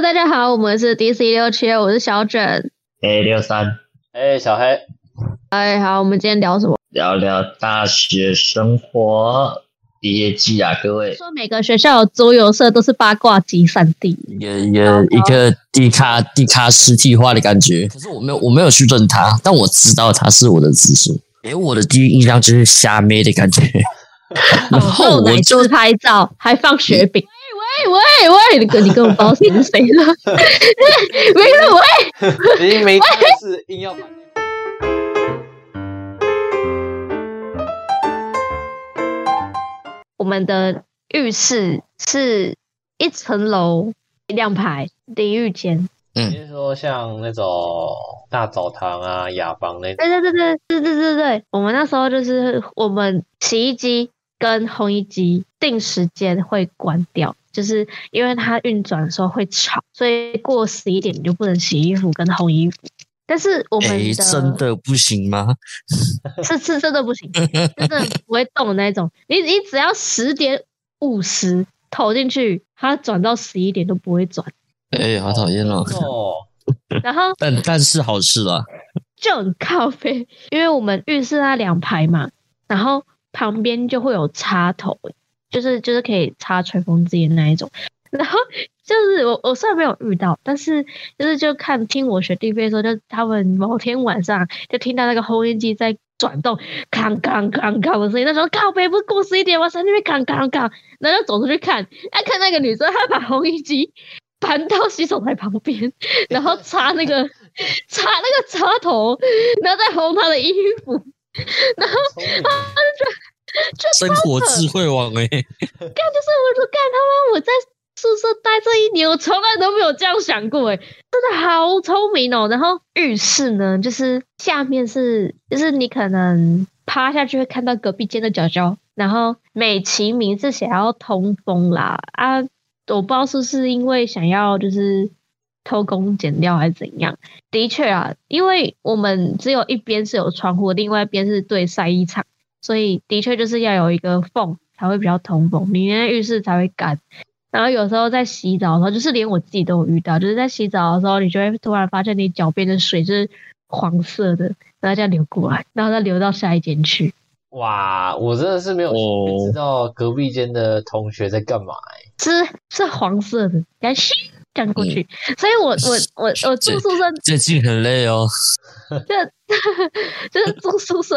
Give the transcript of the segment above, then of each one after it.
大家好，我們是 DC 六七，我是小卷，A 六三，哎，小黑，哎，好，我們今天聊什麼？聊聊大學生活畢業季啊，各位說每個學校桌遊社都是八卦集散地，有有一個 D 卡 D 卡實體化的感覺。可是我沒有，我沒有去認他，但我知道他是我的直屬。給、欸、我的第一印象就是蝦妹的感覺， 然後我就我拍照、就是、還放雪餅。嗯喂喂，你跟你跟我不知道誰是誰了，喂 日喂，已經沒是喂硬要買的。我們的浴室是一層樓兩排淋浴間，嗯，就是說像那種大澡堂啊、雅房那種？對對對對對對對對，我們那時候就是我們洗衣機，跟烘衣機定時間會關掉，就是因為它運轉的時候會吵，所以過十一點你就不能洗衣服跟烘衣服。但是我們的、欸、真的不行嗎？ 是是，是，真的不行，真的不會動的那種。你你只要十點五十投進去，它轉到十一點都不會轉。哎、欸，好討厭哦。哦 然後但但是好事啊,就很靠北，因為我們浴室它兩排嘛，然後。旁邊就會有插頭，就是就是可以插吹風機的那一種。然後就是我我雖然沒有遇到，但是就是就看聽我學弟妹說，就他們某天晚上就聽到那個烘衣機在轉動，哐哐哐哐的聲音。那時候靠北不是過十一點嗎？在那邊哐哐哐，然後走出去看，他看，看，看，看，看那個女生，她把烘衣機搬到洗手台旁邊，然後插那個插 那個插頭，然後再烘她的衣服。 然後，就就生活智慧王哎、欸，幹 就是我說幹他媽！我在宿舍待這一年，我從來都沒有這樣想過哎，真的好聰明哦。然後浴室呢，就是下面是就是你可能趴下去會看到隔壁間的腳腳，然後美其名是想要通風啦啊，我不知道是不是因為想要就是。偷工減料還是怎樣？的確啊，因為我們只有一邊是有窗戶，另外一邊是對曬衣場，所以的確就是要有一個縫才會比較通風，裡面浴室才會乾。然後有時候在洗澡的時候，就是連我自己都有遇到，就是在洗澡的時候，你就會突然發現你腳邊的水是黃色的，然後這樣流過來，然後再流到下一間去。哇，我真的是沒有知道隔壁間的同學在幹嘛、欸，是是黃色的，感謝。干過去，所以我我我我住宿舍最近很累哦。就就是住宿舍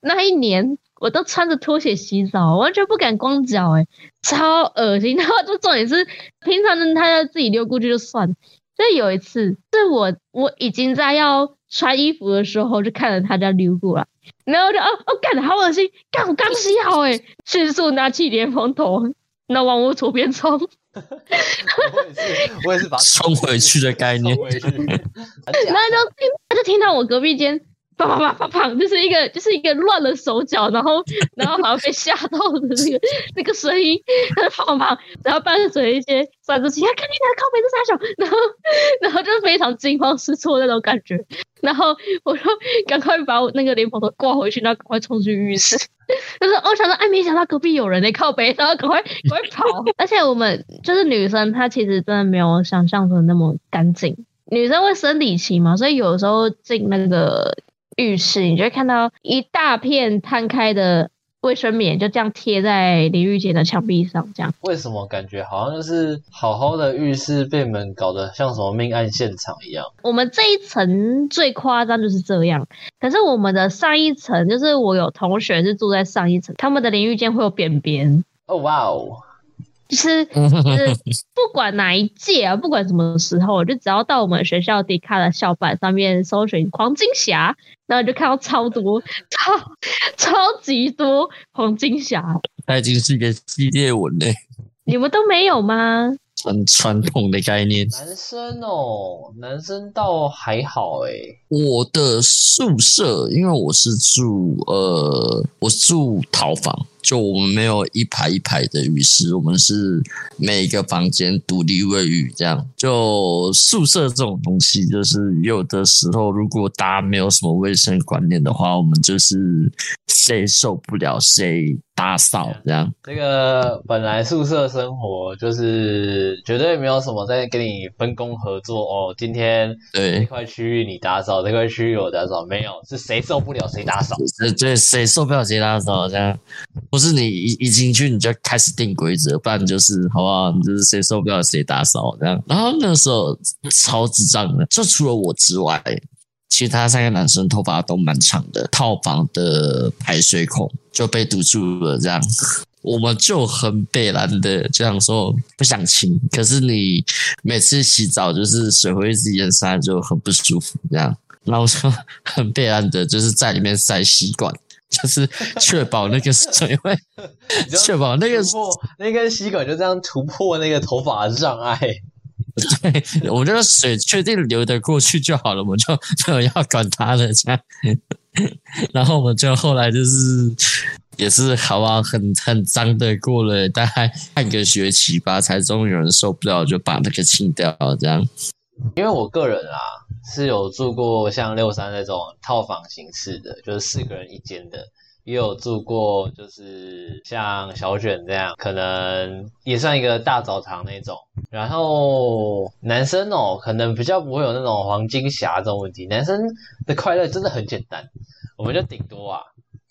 那一年，我都穿着拖鞋洗澡，完全不敢光腳，誒，超噁心。然後就總也是，平常呢，他要自己溜過去就算了。所以有一次，是我我已經在要穿衣服的時候，就看着他在溜過來，然後就哦，哦，幹得好噁心，幹我剛洗好，誒，迅速拿起電風筒。那往我左邊沖， 我也是把沖回去的概念。那就就聽到我隔壁間啪啪啪啪啪，就是一個就是一個亂了手腳，然後然後好像被嚇到的那個那個聲音，他啪然後伴隨一些三字經“哎呀，肯定在靠北的殺手”，然後然後就非常驚慌失措的那種感覺。然後我說：“趕快把我那個蓮蓬頭掛回去，然後趕快衝去浴室。” 就是我想說，哎，沒想到隔壁有人在靠北，然後趕快趕快跑。 而且我們就是女生，她其實真的沒有想象中那麼乾淨。女生會生理期嘛，所以有時候進那個浴室，你就會看到一大片攤開的。衛生棉就這樣貼在淋浴間的牆壁上，這樣為什麼感覺好像就是好好的浴室被你們搞得像什麼命案現場一樣？我們這一層最誇張就是這樣，可是我們的上一層，就是我有同學是住在上一層，他們的淋浴間會有便便哦，哇哦！就是就是，就是、不管哪一屆啊，不管什麼時候，我就只要到我們學校 D 卡的校板上面搜尋黃金俠，那我就看到超多超超級多黃金俠。他已經是一個系列文嘞，你們都沒有嗎？很傳統的概念。男生哦，男生倒還好哎、欸。我的宿舍，因為我是住呃，我住套房。就我們沒有一排一排的浴室，我們是每一個房間獨立衛浴這樣。就宿舍這種東西，就是有的時候如果大家沒有什麼衛生觀念的話，我們就是誰受不了誰打掃這樣。這個本來宿舍生活就是絕對沒有什麼在跟你分工合作哦。今天對一塊區域你打掃，對這塊區域我打掃，沒有，是誰受不了誰打掃，對，對，對，誰受不了誰打掃這樣。不是你一一進去你就開始定規則，不然就是好不好？你就是誰受不了誰打掃這樣。然後那時候超智障的，就除了我之外，其他三個男生頭髮都蠻長的。套房的排水孔就被堵住了，這樣，我們就很白爛的，這樣說不想清。可是你每次洗澡就是水會一直淹上來，就很不舒服這樣。然後就很白爛的，就是在裡面塞吸管。就是確保那個水，因為確 保那個時候，那根吸管就這樣突破那個頭髮的障礙。對，我覺得水確定流得過去就好了，我就就要管它了。這樣， 然後我們就後來就是也是好啊，很很髒的過了大概半個學期吧，才終於有人受不了，就把那個清掉了這樣。因為我個人啊，是有住過像六三那種套房形式的，就是四個人一間的，也有住過，就是像小卷這樣，可能也算一個大澡堂那種。然後男生哦，可能比較不會有那種黃金俠這種問題。男生的快樂真的很簡單，我們就頂多啊，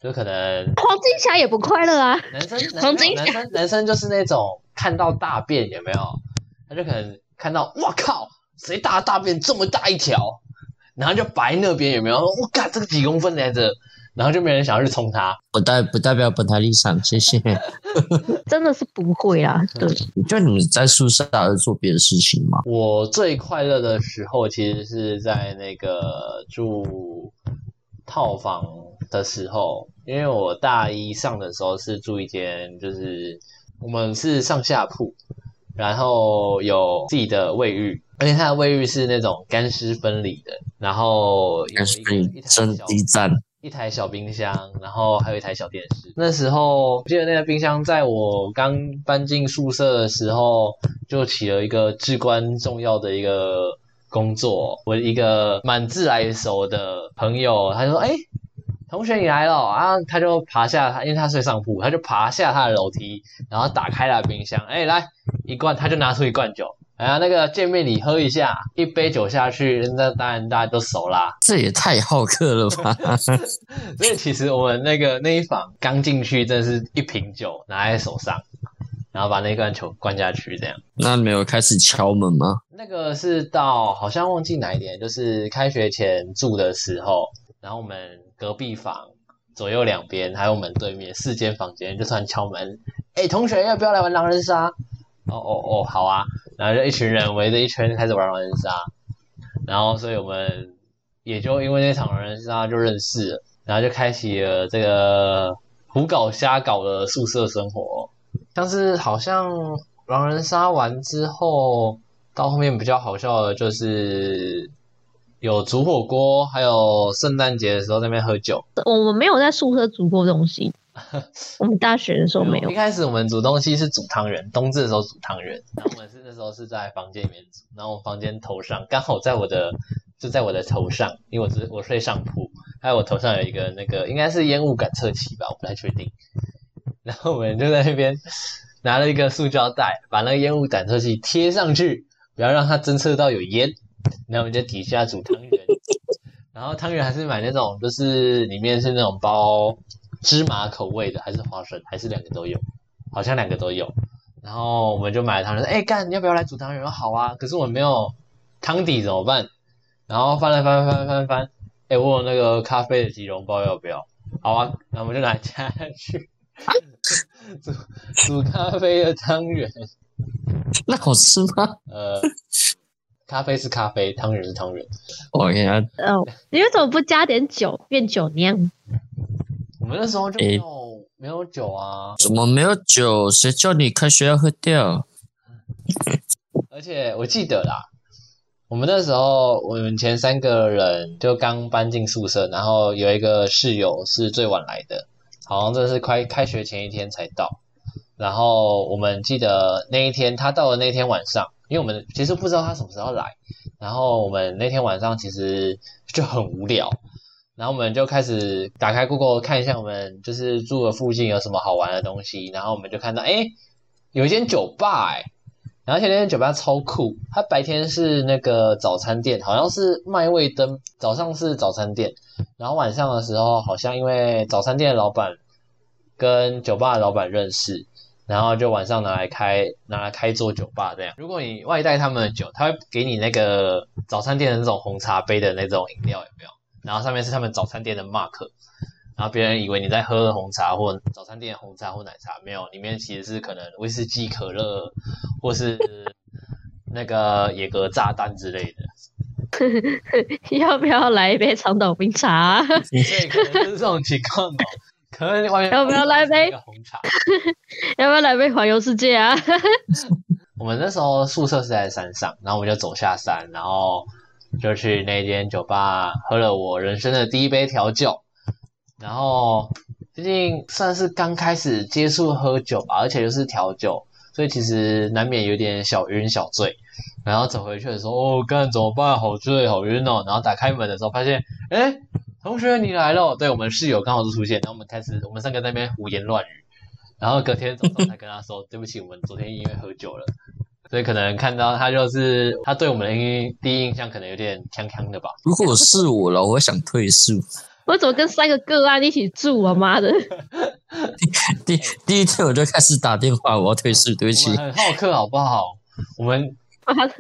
就可能黃金俠也不快樂啊。男生黃金俠，男生男生就是那種看到大便有沒有？他就可能看到，哇靠！誰？大大便這麼大一條，然後就擺那邊有沒有？我靠，這個幾公分來着？然後就沒人想要去衝它。不代不代表本台立場，謝謝。 真的是不會啦，對。就你們在宿舍還是做別的事情嗎？我最快樂的時候，其實是在那個住套房的時候，因為我大一上的時候是住一間，就是我們是上下鋪，然後有自己的衛浴。而且它的衛浴是那種乾濕分離的，然後有一個一台小冰箱，一台小冰箱，然後還有一台小電視。那時候，我記得那個冰箱在我剛搬進宿舍的時候，就起了一個至關重要的一個工作。我一個蠻自來熟的朋友，他就說：“哎，同學你來了啊！”他就爬下，因為他睡上鋪，他就爬下他的樓梯，然後打開了冰箱，哎，來一罐，他就拿出一罐酒。哎呀，那個見面禮喝一下，一杯酒下去，那當然大家都熟啦。這也太好客了吧！ 所以其實我們那個那一房剛進去，真的是一瓶酒拿在手上，然後把那一罐酒灌下去，這樣。那沒有開始敲門嗎？那個是到好像忘記哪一年，就是開學前住的時候，然後我們隔壁房左右兩邊還有我們對面四間房間，就算敲門。哎、欸，同學要不要來玩狼人殺？哦哦哦，好啊，然後就一群人圍着一圈開始玩狼人殺，然後所以我們也就因為那場狼人殺就認識了，然後就開啟了這個胡搞瞎搞的宿舍生活。但是好像狼人殺完之後，到後面比較好笑的就是有煮火鍋，還有聖誕節的時候在那邊喝酒。我們沒有在宿舍煮過東西。 我們大學的時候沒有。嗯，一開始我們煮東西是煮湯圓，冬至的時候煮湯圓。然後我們是那時候是在房間裡面煮，然後我房間頭上剛好在我的就在我的頭上，因為我是我睡上鋪，還有我頭上有一個那個應該是煙霧感測器吧，我不太確定。然後我們就在那邊拿了一個塑膠袋，把那個煙霧感測器貼上去，不要讓它偵測到有煙。然後我們就底下煮湯圓， 然後湯圓還是買那種，就是裡面是那種包。芝麻口味的還是花生還是兩個都有，好像兩個都有。然後我們就買了湯圓，哎、欸、幹，你要不要來煮湯圓？好啊，可是我沒有湯底怎麼辦？然後翻來翻,翻翻翻翻，哎、欸，問我有那個咖啡的雞茸包不要不要？好啊，那我們就來加去、啊、 煮煮咖啡的湯圓，那好吃嗎？呃，咖啡是咖啡，湯圓是湯圓。我跟你講，哦，你為什麼不加點酒變酒釀？我們那時候就沒有、欸、沒有酒啊？怎麼沒有酒？誰叫你開學要喝掉？ 而且我記得啦，我們那時候我們前三個人就剛搬進宿舍，然後有一個室友是最晚來的，好像這是快開學前一天才到。然後我們記得那一天他到了那天晚上，因為我們其實不知道他什麼時候來，然後我們那天晚上其實就很無聊。然後我們就開始打開 Google 看一下，我們就是住的附近有什麼好玩的東西。然後我們就看到，哎，有一間酒吧，哎，然後那間酒吧超酷。它白天是那個早餐店，好像是麥味登，早上是早餐店。然後晚上的時候，好像因為早餐店的老闆跟酒吧的老闆認識，然後就晚上拿來開，拿來開做酒吧這樣。如果你外帶他們的酒，他會給你那個早餐店的那種紅茶杯的那種飲料，有沒有？然後上面是他們早餐店的 mark，然後別人以為你在喝紅茶或早餐店的紅茶或奶茶，沒有，裡面其實是可能威士忌、可樂或是那個野格炸彈之類的。 要不要來一杯長島冰茶？這 個是這種情況可能外面 要不要來一杯個紅茶？ 要不要來一杯環遊世界啊？ 我們那時候宿舍是在山上，然後我們就走下山，然後。就去那間酒吧喝了我人生的第一杯調酒，然後最近算是剛開始接觸喝酒吧，而且又是調酒，所以其實難免有點小暈小醉。然後走回去的時候，哦，該怎麼辦？好醉，好暈哦。然後打開門的時候，發現，哎、欸，同學你來了，對，我們室友剛好就出現。然後我們開始，我們三個在那邊胡言亂語。然後隔天早上才跟他說， 對不起，我們昨天因為喝酒了。所以可能看到他就是他對我們的第一印象可能有點嗆嗆的吧。如果是我了，我想退宿。 我怎麼跟三個個案、啊、一起住、啊？我媽的！第 第一天我就開始打電話，我要退宿，對不起。很好客好不好？我們媽哈，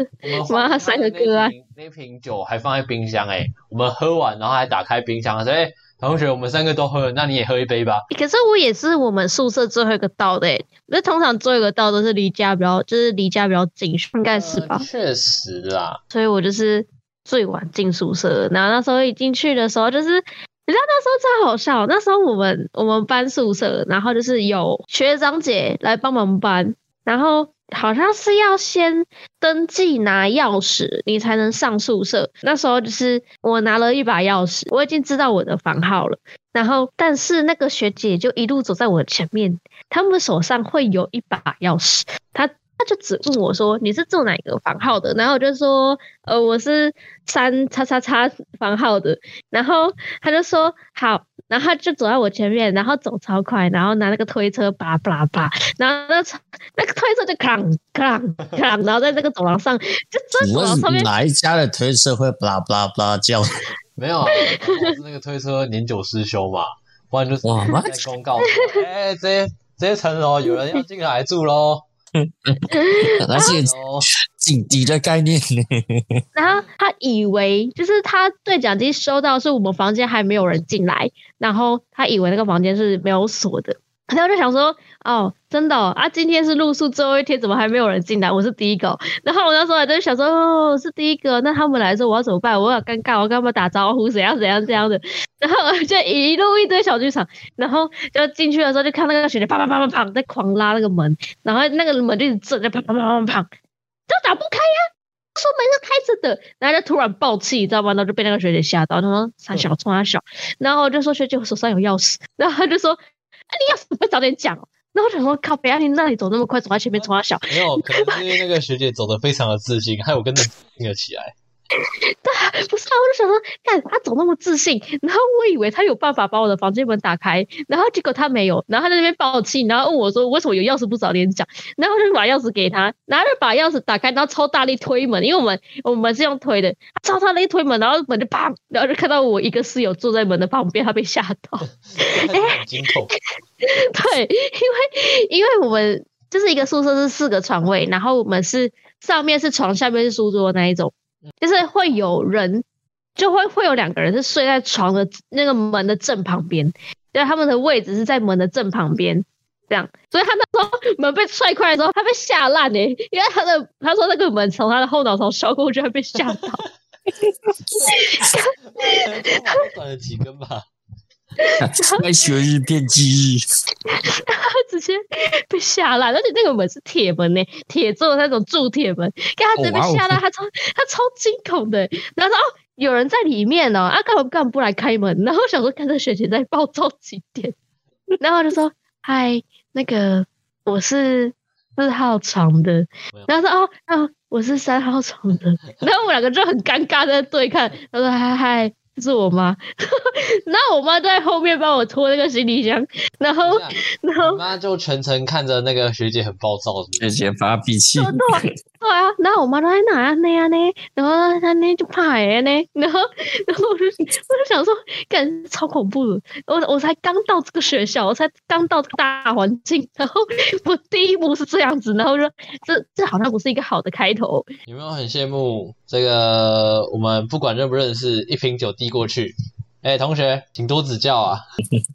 我他三個個案、啊，那瓶酒還放在冰箱哎、欸，我們喝完然後還打開冰箱，所以。同學，我們三個都喝，那你也喝一杯吧。可是我也是我們宿舍最後一個到的、欸，因為通常最後一個到都是離家比較，就是離家比較近，應該是吧？呃，確實啦，所以我就是最晚進宿舍。然後那時候一進去的時候，就是你知道那時候超好笑，那時候我們我們搬宿舍，然後就是有學長姐來幫忙搬，然後。好像是要先登記拿鑰匙，你才能上宿舍。那時候就是我拿了一把鑰匙，我已經知道我的房號了。然後，但是那個學姐就一路走在我的前面，他們手上會有一把鑰匙。他他就只問我說：“你是住哪個房號的？”然後我就說：“呃，我是三叉叉叉房號的。”然後他就說：“好。”然後就走在我前面，然後走超快，然後拿那個推車叭叭叭，然後那個、那個推車就哐哐哐，然後在那個走廊上就真的旁邊。是哪一家的推車會叭叭叭這樣？呃呃呃、沒有，是那個推車年久失修嘛，不然就是媽在公告，哎、欸，這這一層樓、哦、有人要進來住嘍，趕緊緊急的概念，然後他以為就是他對講機收到是我們房間還沒有人進來，然後他以為那個房間是沒有鎖的，然後我就想說哦，真的，哦、啊，今天是入宿最後一天，怎麼還沒有人進來？我是第一個，然後我那時候還在想說哦，是第一個，那他們來的時候我要怎麼辦？我好尷尬，我跟他們打招呼，怎樣怎樣這樣的，然後就一路一堆小劇場，然後就進去的時候就看那個學姐啪啪啪啪，啪在狂拉那個門，然後那個門就一直在啪，啪啪啪啪啪。都打不開呀，啊！說門是開着的，然後就突然爆氣，知道嗎？然後就被那個學姐嚇到，然後說：“三小衝她小。小”嗯、然後我就說：“學姐，我手上有鑰匙。然啊哦”然後她就說：“你鑰匙不早點講。”然後就說：“靠北、啊，別啊你那裡走那麼快，走到前面衝她小。”沒有，可能是因為那個學姐走的非常的自信，害我 跟着跟了起來。對， 不是啊，我就想說，幹他走那麼自信，然後我以為他有辦法把我的房間門打開，然後結果他沒有，然後他在那邊抱歉，然後問我說為什麼有鑰匙不早點講，然後就把鑰匙給他，然後，把鑰匙打開，然後超大力推門，因為我們我們是用推的，他超大力推門，然後門就砰，然後就看到我一個室友坐在門的旁邊，他被嚇到。哎， 對，因為因為我們就是一個宿舍是四個床位，然後我們是上面是床，下面是書桌那一種。就是會有人，就會會有兩個人是睡在床的那個門的正旁邊，因為他們的位置是在門的正旁邊，這樣。所以他那時候門被踹開的時候，他被嚇爛欸，因為他的他說那個門從他的後腦勺燒過去，他被嚇到，斷了幾根吧。開學日變忌日，然後直接被嚇到，而且那個門是鐵門呢、欸，鐵做的那種鑄鐵門，給他直接被嚇到，他超、oh, wow. 他超驚恐的、欸，然後說哦，有人在裡面哦，啊幹嘛幹嘛不來開門？然後想說看這學姐在暴躁幾點，然後他就說嗨，那個我是四號床的，然後說哦哦、啊、我是三號床的，然後我們兩個就很尷尬在對看，他說嗨嗨。嗨是我媽，那 我媽在後面幫我拖那個行李箱，然後，や然後我媽就全程看着那個學姐很暴躁是是，學姐發脾氣。對對啊，那我媽在那那樣、啊、呢，然後她呢就怕耶、啊、呢，然後然後我就我就想說，感覺超恐怖的。我我才剛到這個學校，我才剛到這個大環境，然後我第一步是這樣子，然後說這這好像不是一個好的開頭。有沒有很羨慕？這個我們不管認不認識，一瓶酒遞過去。哎、欸，同學，請多指教啊！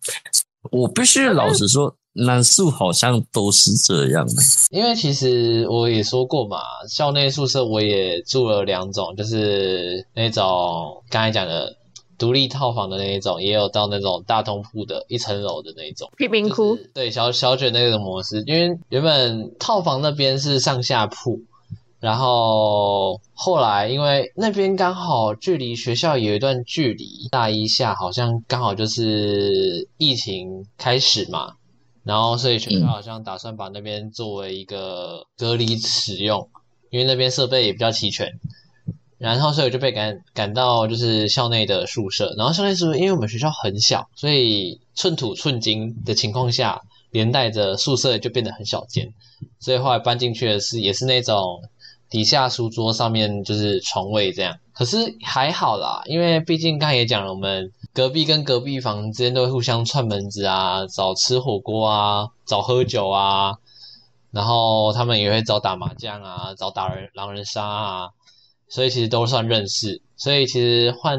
我必須老實說，男宿 好像都是這樣的。因為其實我也說過嘛，校內宿舍我也住了兩種，就是那種剛才講的獨立套房的那一種，也有到那種大通鋪的一層樓的那種貧民窟，就是、對小，小小卷那種模式。因為原本套房那邊是上下鋪。然後後來，因為那邊剛好距離學校有一段距離，大一下好像剛好就是疫情開始嘛，然後所以學校好像打算把那邊作為一個隔離使用，因為那邊設備也比較齊全。然後所以我就被趕趕到就是校內的宿舍，然後校內宿舍因為我們學校很小，所以寸土寸金的情況下，連帶着宿舍就變得很小間，所以後來搬進去的是也是那種。底下書桌，上面就是床位這樣。可是還好啦，因為畢竟剛才也講了，我們隔壁跟隔壁房間都會互相串門子啊，找吃火鍋啊，找喝酒啊，然後他們也會找打麻將啊，找打人狼人殺啊，所以其實都算認識。所以其實換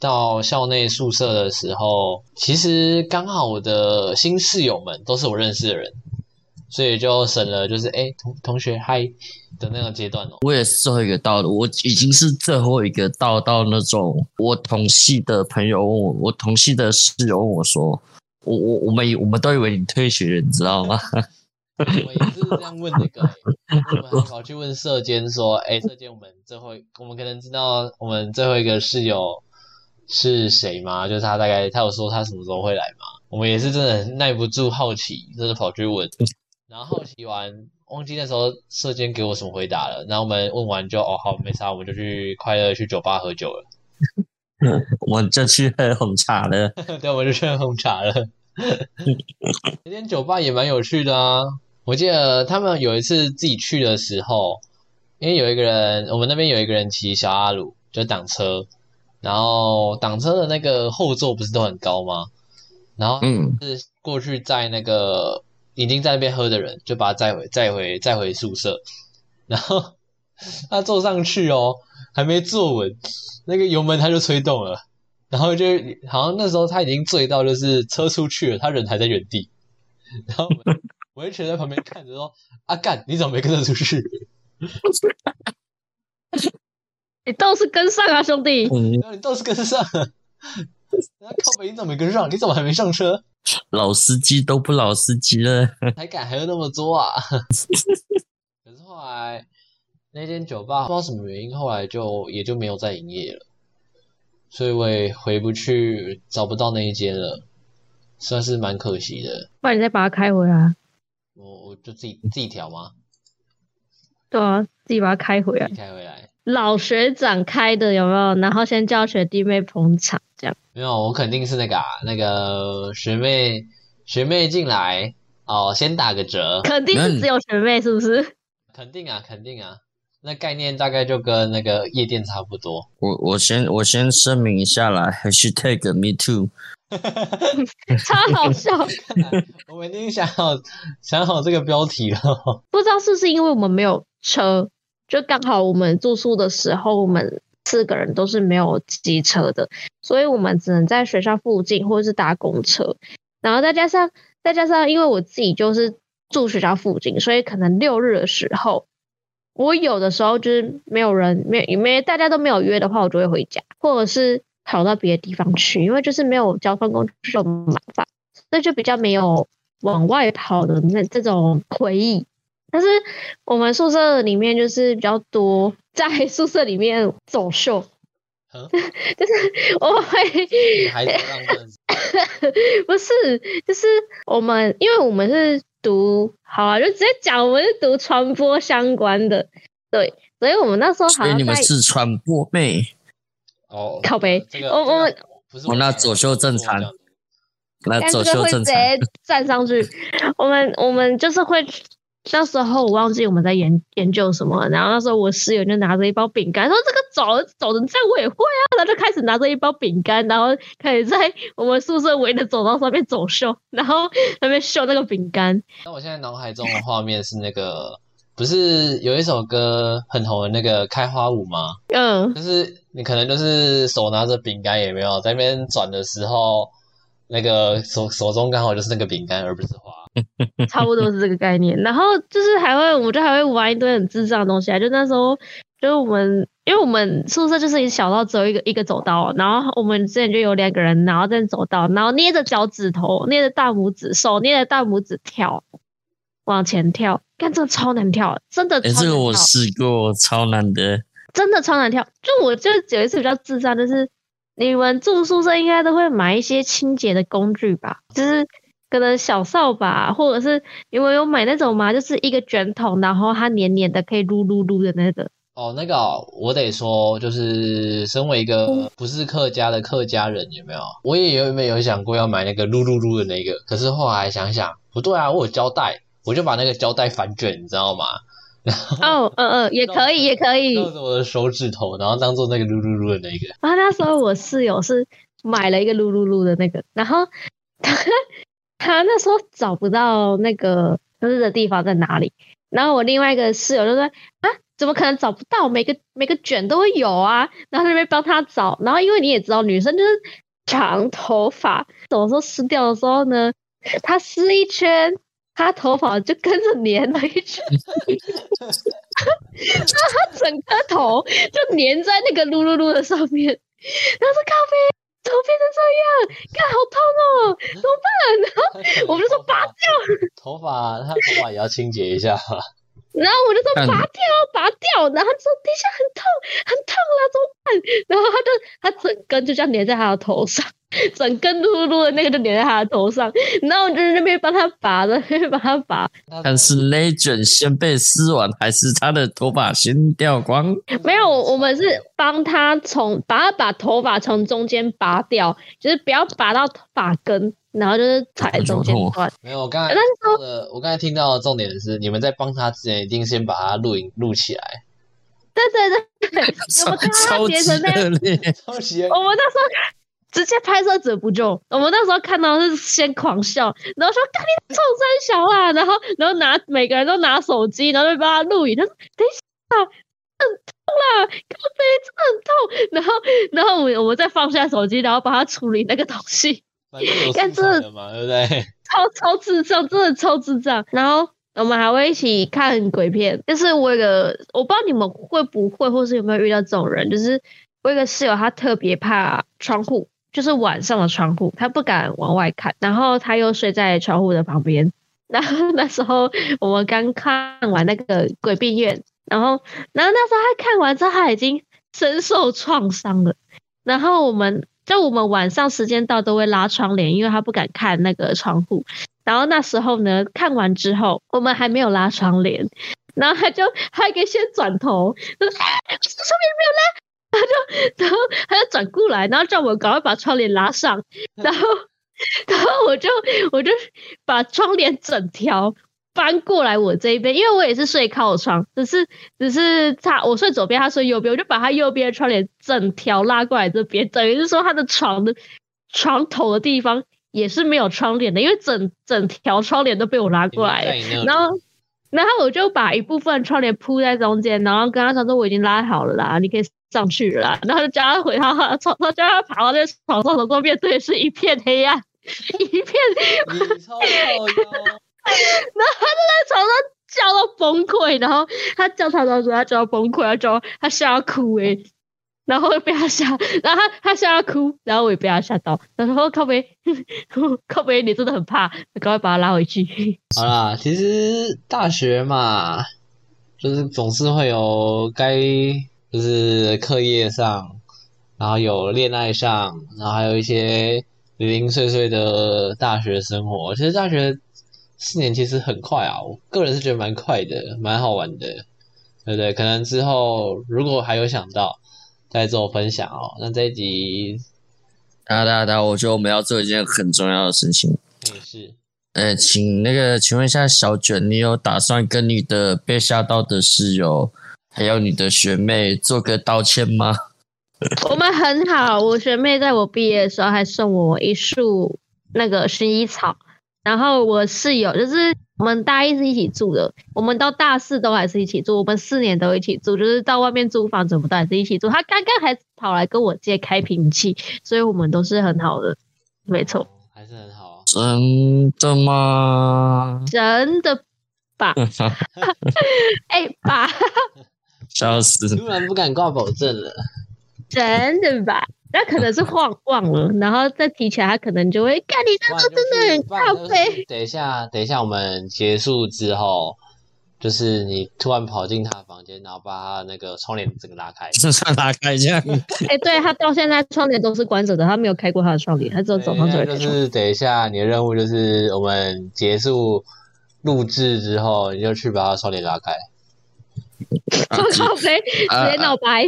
到校內宿舍的時候，其實剛好我的新室友們都是我認識的人。所以就省了，就是哎同、欸、同學嗨的那個階段哦，我也是最後一個到的，對我已經是最後一個到到那種我同系的朋友問我，我同系的室友問我說，我我我們我們都以為你退學了，你知道嗎？我們也是這樣問那個、欸， 我們跑去問舍監說，哎、欸、舍監，我們最後我們可能知道我們最後一個室友是誰嗎？就是他大概他有說他什麼時候會來嗎？我們也是真的耐不住好奇，真的跑去問。然後騎完，忘記那時候射箭給我什麼回答了。然後我們問完就哦好沒啥我們就去快樂去酒吧喝酒了, 我喝了。 我就去喝紅茶了。對，我就去喝紅茶了。那間酒吧也蠻有趣的啊。我記得他們有一次自己去的時候，因為有一個人，我們那邊有一個人騎小阿魯，就是、檔車。然後檔車的那個後座不是都很高嗎？然後是過去載那個。嗯已經在那邊喝的人，就把他載回、載回、載回宿舍。然後他坐上去哦，還沒坐穩，那個油門他就吹動了。然後就好像那時候他已經醉到，就是車出去了，他人還在原地。然後我，我一直在旁邊看着說：“阿、 啊、幹，你怎麼沒跟着出去？ 你倒是跟上啊，兄弟！你倒是跟上、啊。那靠北你怎麼沒跟上？你怎麼還沒上車？”老司機都不老司機了，還敢喝那麼多啊？ 可是後來那間酒吧不知道什麼原因，後來就也就沒有再營業了，所以我也回不去，找不到那一間了，算是蠻可惜的。不然你再把它開回來。我我就自己自己調嗎？對啊，自己把它開回來。開回來，老學長開的有沒有？然後先叫學弟妹捧場。沒有，我肯定是那個啊，那個學妹學妹進來哦，先打個折，肯定是只有學妹，是不是、嗯？肯定啊，肯定啊，那概念大概就跟那個夜店差不多。我我先我先聲明一下啦，還是 Take Me Too 哈哈哈，超好笑， 我已經想好想好這個標題了。不知道是不是因為我們沒有車，就剛好我們住宿的時候我們。四個人都是沒有機車的，所以我們只能在學校附近或者是搭公車。然後再加上再加上，因為我自己就是住學校附近，所以可能六日的時候，我有的時候就是沒有人沒有沒大家都沒有約的話，我就會回家，或者是跑到別的地方去，因為就是沒有交通工具就麻煩，所以就比較沒有往外跑的那這種回憶。但是我們宿舍裡面就是比較多在宿舍裡面走秀蛤， 就是我們會， 不是就是我們，因為我們是讀好啊，就直接講，我們是讀傳播相關的，對，所以我們那時候好像，因為你們是傳播妹，哦北，靠背、這個，我我們我那走秀正常，那走秀正常，直接站上去，我， 我們我們就是會。那時候我忘記我們在研研究什麼，然後那時候我室友就拿着一包餅乾，說這個走走人家我也會啊，然後就開始拿着一包餅乾，然後開始在我們宿舍圍的走廊上面走秀，然後那邊秀那個餅乾。但我現在腦海中的畫面是那個不是有一首歌很紅的那個《開花舞》嗎？嗯，就是你可能就是手拿着餅乾也沒有，在那邊轉的時候，那個手手中剛好就是那個餅乾，而不是花。 差不多是這個概念，然後就是還會，我們就還會玩一堆很智障的東西啊！就那時候，就我們，因為我們宿舍就是一小到只有一個一個走道，然後我們之前就有兩個人，然後在走道，然後捏着腳趾頭，捏着大拇指，手捏着大，大拇指跳，往前跳，看這個超難跳，真的。哎，這個我試過，超難的，真的超難跳。就我就有一次比較智障，就是你們住宿舍應該都會買一些清潔的工具吧，就是。可能小掃把，或者是有沒有買那種嘛，就是一個捲筒，然後它黏黏的，可以嚕嚕嚕的那個。哦，那個、哦、我得說，就是身為一個不是客家的客家人，有沒有？我也有沒有想過要買那個嚕嚕嚕的那個？可是後來想想，不對啊，我有膠帶，我就把那個膠帶反捲，你知道嗎？然後哦，嗯嗯，也可以，到也可以，繞着我的手指頭，然後當做那個嚕嚕嚕的那個。啊，那時候我室友是買了一個嚕嚕嚕的那個，然後他。 他那時候找不到那個濕的那個地方在哪裡？然後我另外一個室友就說，啊，怎麼可能找不到？每個每個卷都會有啊，然後那邊幫他找，然後因為你也知道女生就是長頭髮，怎麼說濕掉的時候呢，他濕一圈，他頭髮就跟着粘了一圈， 然後他整個頭就粘在那個嚕嚕嚕的上面，那是咖啡。怎麼變成這樣？看，好痛哦、喔！怎麼辦？然後我就說拔掉 頭髮。頭髮，他頭髮也要清潔一下，然後我就說拔掉，拔掉。然後說底下很痛，很痛了，怎麼辦？然後他就，他整根就這樣粘在他的頭上。整根禿禿的那個就粘在他的頭上，然後我就在那邊幫他拔，那邊幫他拔。但那是那卷先被撕完，還是他的頭髮先掉光？沒有，我們是幫他從把他把頭髮從中間拔掉，就是不要拔到髮根，然後就是踩中間斷。嗯、沒有，我剛才但是說，我剛才聽到的重點是，是你們在幫他之前，一定先把他錄影錄起來。對對對對，超超級，我們那時候。直接拍攝者不救？我們那時候看到是先狂笑，然後說：“幹你這臭三小！”然後，然後拿每個人都拿手機，然後就幫他錄影。他說：“等一下，很痛啦，咖啡真的很痛！”然後，然後我們我們再放下手機，然後幫他處理那個東西。該這真的不對？ 超超，超智障， 真的超智障。然後我們還會一起看鬼片。但是我一個，我不知道你們會不會，或是有沒有遇到這種人。就是我一個室友，他特別怕窗戶。就是晚上的窗戶，他不敢往外看，然後他又睡在窗戶的旁邊。然後那時候我們剛看完那個鬼病院，然後然後那時候他看完之後他已經深受創傷了。然後我們在我們晚上時間到都會拉窗簾，因為他不敢看那個窗戶。然後那時候呢，看完之後我們還沒有拉窗簾，然後他就他可以先轉頭，我說窗簾沒有拉。他就，然後他就轉過來，然後叫我趕快把窗簾拉上。然後， 然後我就我就把窗簾整條搬過來我這一邊，因為我也是睡靠窗，只是只是他我睡左邊，他睡右邊，我就把他右邊的窗簾整條拉過來這邊，等於是說他的床的床頭的地方也是沒有窗簾的，因為整整條窗簾都被我拉過來。然後，然後我就把一部分窗簾鋪在中間，然後跟他講說，說我已經拉好了啦，你可以上去了，然後就叫他回他床，他叫他爬到那床上，的後面這對是一片黑暗，一片黑暗。 然後他就在床上叫到崩潰，然後他叫他床主，他叫到崩潰，他叫他嚇哭誒，然後被他嚇，然後他他嚇到哭，然後我也被他嚇到，然後靠北，靠北，你真的很怕，趕快把他拉回去。好啦，其實大學嘛，就是總是會有該。就是課業上，然後有戀愛上，然後還有一些零零碎碎的大學生活。其實大學四年其實很快啊，我個人是覺得蠻快的，蠻好玩的，對不對？可能之後如果還有想到，再做分享哦。那這一集，大家大家大家，我覺得我們要做一件很重要的事情，也是，嗯，請那個，請問一下小卷，你有打算跟你的被嚇到的室友？還要你的學妹做個道歉嗎？我們很好，我學妹在我畢業的時候還送我一束那個薰衣草。然後我室友就是我們大一是一起住的，我們到大四都還是一起住，我們四年都一起住，就是到外面租房子我們都還是一起住。她剛剛還跑來跟我借開瓶器，所以我們都是很好的，沒錯、嗯，還是很好、啊，真的嗎？真的吧？哎、 欸，爸吧。 笑死！突然不敢掛保證了，真的吧？那可能是晃忘了，嗯、然後再提起來，他可能就會，看 你這都真的很犯規、就是。等一下， 等一下，我們結束之後，就是你突然跑進他房間，然後把他那個窗簾整個拉開，就算拉開一下。哎，對他到現在窗簾都是關着的，他沒有開過他的窗簾，他只有早上起來開。就是等一下，你的任務就是我們結束錄制之後，你就去把他窗簾拉開。腦咖啡，誰腦白。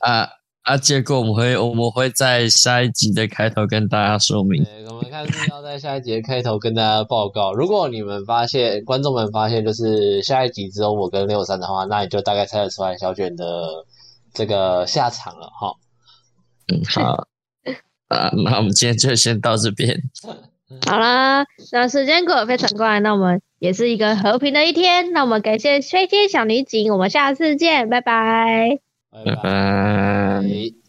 啊啊！結果我們會，我們會在下一集的開頭跟大家說明。我們看是要在下一集的開頭跟大家報告。 如果你們發現，觀眾們發現，就是下一集只有我跟六三的話，那你就大概猜得出來小卷的這個下場了哈。嗯， 好。啊，那我們今天就先到這邊。 好啦，那時間過得非常快，那我們。也是一個和平的一天，那我們感謝飛天小女警，我們下次見，拜拜，拜拜。